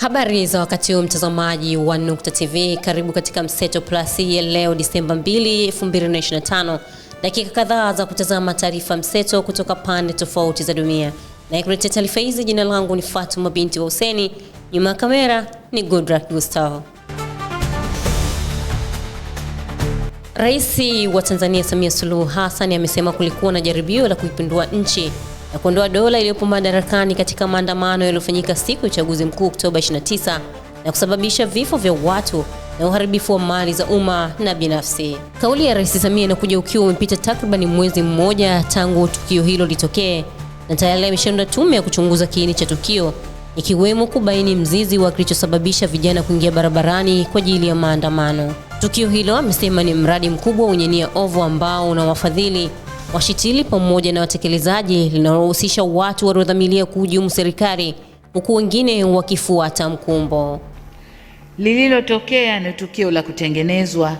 Habari za wakati huu mtazamaji wa Nukta TV, karibu katika Mseto Plus ya leo Disemba 2, 2025. Dakika kadhaa za kutazama taarifa mseto kutoka pande tofauti za dunia, nayekuletea taarifa hizi, jina langu ni Fatuma binti wa Huseni, nyuma ya kamera ni Goodluck Gustavo. Rais wa Tanzania Samia Suluhu Hassan amesema kulikuwa na jaribio la kuipindua nchi na kuondoa dola iliyopo madarakani katika maandamano yaliyofanyika siku ya uchaguzi mkuu Oktoba 29 na kusababisha vifo vya watu na uharibifu wa mali za umma na binafsi. Kauli ya Rais Samia inakuja ukiwa umepita takribani mwezi mmoja tangu tukio hilo litokee, na tayari ameshaunda tume ya kuchunguza kiini cha tukio, ikiwemo kubaini mzizi wa kilichosababisha vijana kuingia barabarani kwa ajili ya maandamano. Tukio hilo amesema ni mradi mkubwa wenye nia ovu ambao unawafadhili washitili pamoja na watekelezaji linalohusisha watu waliodhamiria kuhujumu serikali huku wengine wakifuata mkumbo. Lililotokea ni tukio la kutengenezwa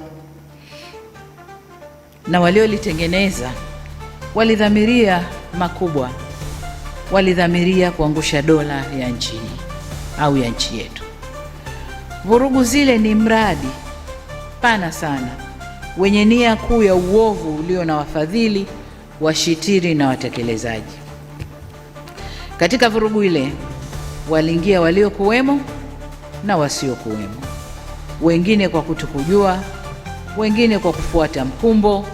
na waliolitengeneza walidhamiria makubwa, walidhamiria kuangusha dola ya nchi hii au ya nchi yetu. Vurugu zile ni mradi pana sana wenye nia kuu ya uovu ulio na wafadhili washitiri na watekelezaji. Katika vurugu ile waliingia waliokuwemo na wasiokuwemo, wengine kwa kutokujua, wengine kwa kufuata mkumbo,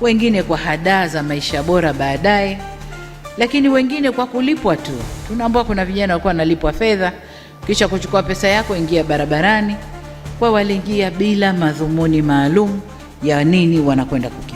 wengine kwa hadaa za maisha bora baadaye, lakini wengine kwa kulipwa tu. Tunaambiwa kuna vijana walikuwa wanalipwa fedha, kisha kuchukua pesa yako, ingia barabarani. Kwa waliingia bila madhumuni maalum ya nini wanakwenda kuki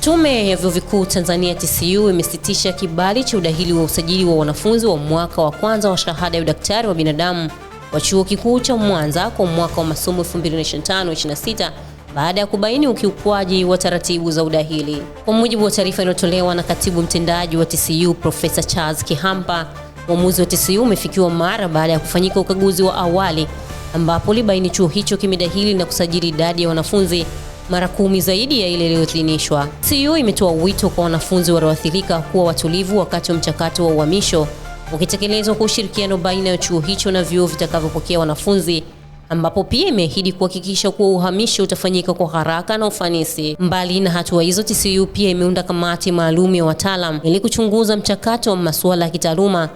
Tume ya Vyuo Vikuu Tanzania TCU imesitisha kibali cha udahili wa usajili wa wanafunzi wa mwaka wa kwanza wa shahada ya udaktari wa binadamu wa Chuo Kikuu cha Mwanza kwa mwaka wa masomo 2025/26 baada ya kubaini ukiukwaji wa taratibu za udahili. Kwa mujibu wa taarifa iliyotolewa na katibu mtendaji wa TCU Profesa Charles Kihampa, uamuzi wa TCU umefikiwa mara baada ya kufanyika ukaguzi wa awali ambapo ulibaini chuo hicho kimedahili na kusajili idadi ya wanafunzi mara kumi zaidi ya ile iliyoidhinishwa. CU e imetoa wito kwa wanafunzi walioathirika kuwa watulivu wakati wa mchakato wa uhamisho ukitekelezwa kwa ushirikiano baina ya chuo hicho na vyuo vitakavyopokea wanafunzi ambapo pia imeahidi kuhakikisha kuwa uhamisho utafanyika kwa haraka na ufanisi. Mbali na hatua hizo, TCU pia imeunda kamati maalum ya wataalam ili kuchunguza mchakato wa masuala ya kitaaluma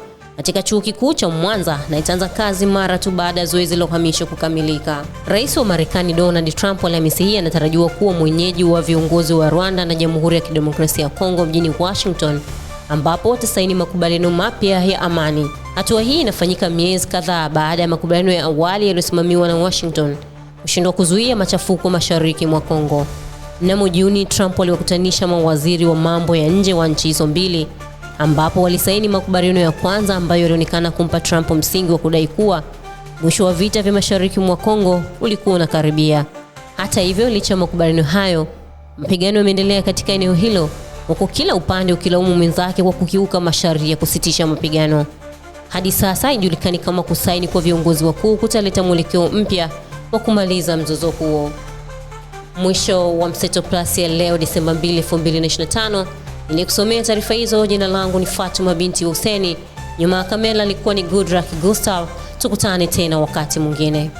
katika chuo kikuu cha Mwanza na itaanza kazi mara tu baada ya zoezi la uhamisho kukamilika. Rais wa Marekani Donald Trump Alhamisi hii anatarajiwa kuwa mwenyeji wa viongozi wa Rwanda na Jamhuri ya Kidemokrasia ya Kongo mjini Washington ambapo watasaini makubaliano mapya ya amani. Hatua hii inafanyika miezi kadhaa baada ya makubaliano ya awali yaliyosimamiwa na Washington kushindwa kuzuia machafuko mashariki mwa Kongo. Mnamo Juni, Trump aliwakutanisha mawaziri wa mambo ya nje wa nchi hizo mbili ambapo walisaini makubaliano ya kwanza ambayo yalionekana kumpa Trump msingi wa kudai kuwa mwisho wa vita vya mashariki mwa Kongo ulikuwa unakaribia. Hata hivyo, licha ya makubaliano hayo, mapigano yameendelea katika eneo hilo, huku kila upande ukilaumu mwenzake kwa kukiuka masharti ya kusitisha mapigano. Hadi sasa haijulikani kama kusaini kwa viongozi wakuu kutaleta mwelekeo mpya wa kumaliza mzozo huo. Mwisho wa Mseto Plus ya leo Desemba 2, 2025. Nilikusomea taarifa hizo. Jina langu ni Fatuma binti Huseni. Nyuma ya kamera alikuwa ni Goodluck Gustav. Tukutane tena wakati mwingine.